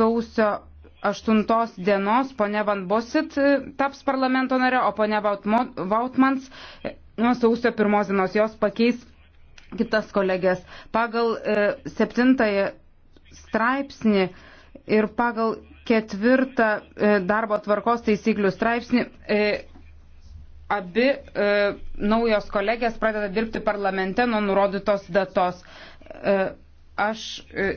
sausio 8 dienos ponia Van Bosit e, taps parlamento nare, o ponia Vautmans e, nuo sausio 1 dienos jos pakeis kitas kolegės. Pagal 7 e, straipsnį ir pagal 4 darbo tvarkos taisyklių straipsnį abi naujos kolegės pradeda dirbti parlamente nuo nurodytos datos. Aš